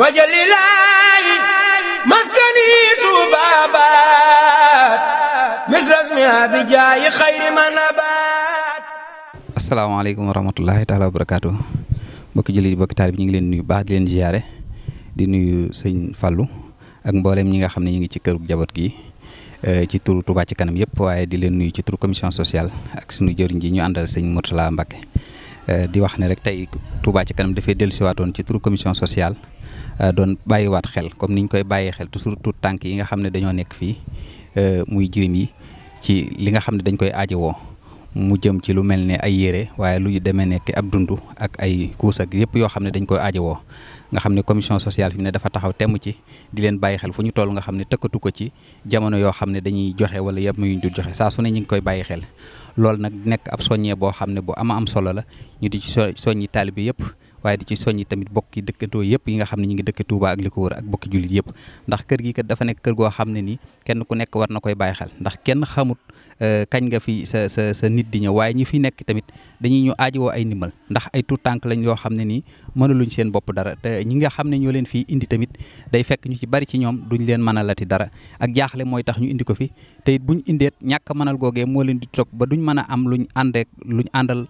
wajalilaahi maskani Tuubaa baat misrasmi abijaayi xayri man abaat asalaamaaleykum wa rahmatullahi taala wa barakaatu mbokki jullit yi mbokki bi ñu ngi leen nuyu baax di leen ziyaare di nuyu sëñ Fallou ak mboolem ñi nga xam ne ñu ngi ci këru jaboot gi eh, ci turu Touba ci kanam yëpp waaye di leen nuyu ci turu commission sociale ak suñu jëriñ ñu àndal sëñ Mourtala mbake Euh, di wax ne rek tey Touba ci kanam dafay dellusiwaatoon ci turu commission sociale euh, doon bàyyiwaat xel comme niñ koy bàyyi xel toujours tout tànk yi nga xam ne dañoo nekk fii euh, muy jigéen yi ci li nga xam ne dañ koy aajowoo mu jëm ci lu mel ni ay yére waaye lu demee nekk ab dund ak ay kuus ak yëpp yoo xam ne dañ koy aajowoo nga xam ne commission sociale fi ne dafa taxaw temm ci di leen bàyyi xel fu ñu toll nga xam ne tëkkatu ko ci jamono yoo xam ne dañuy joxe wala yëpp muy du joxe saa su ne ñu ngi koy bàyyi xel loolu nag nekk ab soññee boo xam ne bu ama am solo la ñu di ci soññi taalibe yëpp waaye di ci soññi tamit bokki dëkkandoo yëpp yi nga xam ne ñu ngi dëkk Touba ak li ko wër ak bokki jullit yëpp ndax kër gi kat dafa nekk kër goo xam ne nii kenn ku nekk war na koy bàyyi xel ndax kenn xamut euh, kañ nga fi sa sa sa nit di ñëw waaye ñi fi nekk tamit dañuy ñu wo ay ndimbal ndax ay tout tànk lañ yoo xam ne nii mën a luñ seen bopp dara te ñi nga xam ne ñoo leen fii indi tamit day fekk ñu ci bari ci ñoom duñ leen lati dara ak jaaxle mooy tax ñu indi ko fi te it buñ indeet ñàkk mënal googee moo leen di topp ba duñ mën a am luñ àndeek luñ àndal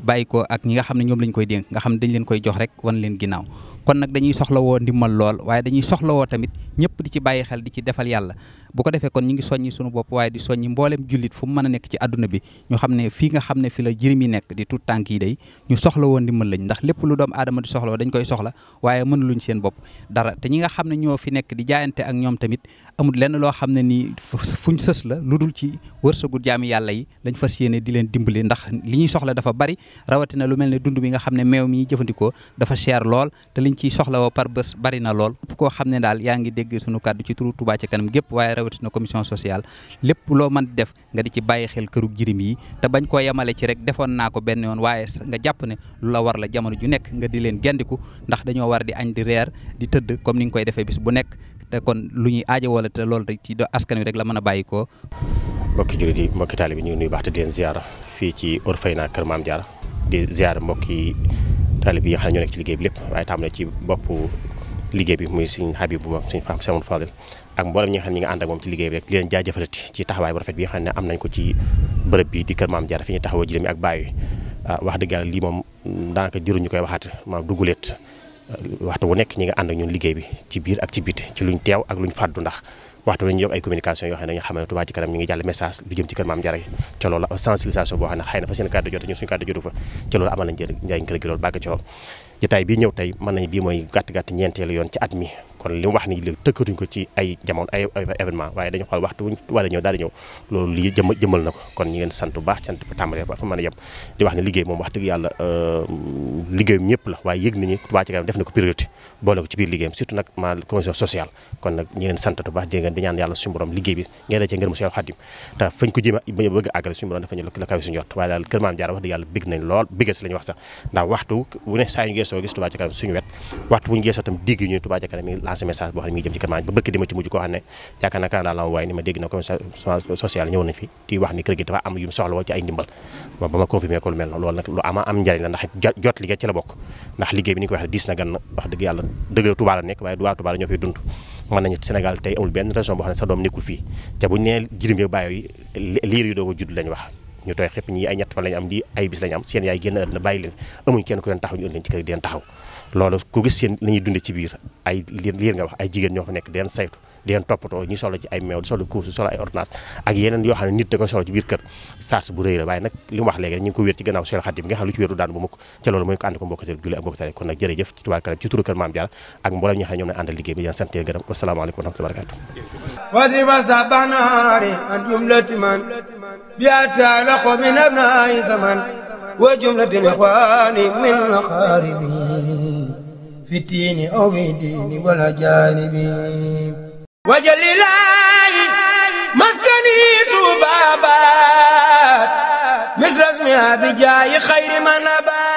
bàyyi ko ak ñi nga xam ne ñoom lañ koy dénk nga xam ne dañ leen koy jox rek wan leen ginnaaw kon nag dañuy soxla soxlawoo ndimbal lool waaye dañuy soxlawoo tamit ñëpp di ci bàyyi xel di ci defal yàlla bu ko defee kon ñu ngi soññi sunu bopp waaye di soññi mboolem jullit fu mu mën a nekk ci àdduna bi ñu xam ne fii nga xam ne fi la jirim yi nekk di tuut tànk yi day ñu soxla woon di mën lañ ndax lépp lu doom aadama di soxla dañ koy soxla waaye mën luñ seen bopp dara te ñi nga xam ne ñoo fi nekk di jaayante ak ñoom tamit amul lenn loo xam ne nii fuñ sës la lu dul ci wërsëgu jaami yàlla yi lañ fas yéene di leen dimbali ndax li ñuy soxla dafa bari rawatina lu mel ne dund bi nga xam ne meew mi jëfandikoo dafa cher lool te liñ ciy soxla par bés bari na lool dégg sunu kàddu ci turu Touba ci kanam gépp waaye rawatina commission sociale lépp loo mën di def nga di ci bàyyi xel këru jirim yi te bañ koo yemale ci rek defoon naa ko benn yoon waaye nga jàpp ne lu la war la jamono ju nekk nga di leen gendiku ndax dañoo war di añ di reer di tëdd comme ni nga koy defee bis bu nekk te kon lu ñuy aaja wala te loolu rek ci askan wi rek la mën a bàyyi koo mbokki jullit yi mbokki taalibe bi ñu ngi nuyu baax te di leen ziar fii ci Orphelinat yi nga xam ne ñoo nekk ci liggéey liggéey bi muy suñ Habib bu moom suñ Fam Semoun Fadel ak mboolem ñi nga xam ne ñi nga ànd ak moom ci liggéey bi rek di leen jaajëfalati ci taxawaay bu rafet bi nga xam ne am nañ ko ci bërëb bi di kër maam Jaara fi ñu taxawoo ji mi ak bàyyi ah, wax dëgg yàlla lii moom daanaka jëruñu koy waxaat maam duguleet waxtu wu nekk ñi nga ànd ak ñun liggéey bi ci biir ak ci biti ci luñ teew ak luñ fàddu ndax waxtu wi ñu yokk ay communication yoo xam ne ñu xam ne Touba ci kanam ñu ngi jàll message lu jëm ci kër Maam Jaara ca loolu sensibilisation boo xam ne na fa seen kàddu jot ñun suñu kàddu jotu fa ca loolu amal nañ njëriñ kër gi loolu bàgg ci lool jotaay bii ñëw tey mën nañ bii mooy gàtt-gàtt ñeenteelu yoon ci at mi kon li wax ni léegi tëkkatuñ ko ci ay jamono ay événement waaye dañu xool waxtu wuñ ne liggéey moom wax dëgg yàlla euh, liggéeyam suñu borom waxtu wu ñu geesoo gis Touba Ca ñu geesoo tam digg ñu Touba lancé message boo xam ne mi jëm ci kër Maañ ba bëkk dima ci mujj koo xam ne yaakaar naa la ma waaye ni ma dégg na commission sociale ñëw na fi di wax ni kër gi dafa am ne ñu tooy xëpp ñi ay ñett fan lañ am di ay bis lañ am seen yaay génn ëllëg bàyyi leen amuñ kenn ku leen taxaw ñu ëllëg ci kër di leen taxaw loolu ku gis yéen la ñuy dunde ci biir ay li nga wax ay jigéen ñoo fa nekk di leen saytu di leen toppatoo ñu solo ci ay meew di solo course solo ay ordonnance ak yeneen yoo xam ne nit da koy solo ci biir kër sars bu rëy waaye nag li mu wax léegi ñu bi nga xam bu mukk ca loolu mooy ko ànd ko mbokk teel ak mbokk kon nag jërëjëf ci tubaab kanam ci turu kër Maam Jaara ak mboolem ñi xam ne ñoom lañ àndal liggéey bi yéen sant yéen gërëm wasalaamaaleykum في الدين أو في ديني ولا جانبي وجل الله مسكني طوبى بات مثل اسمها بجاي خير من أبات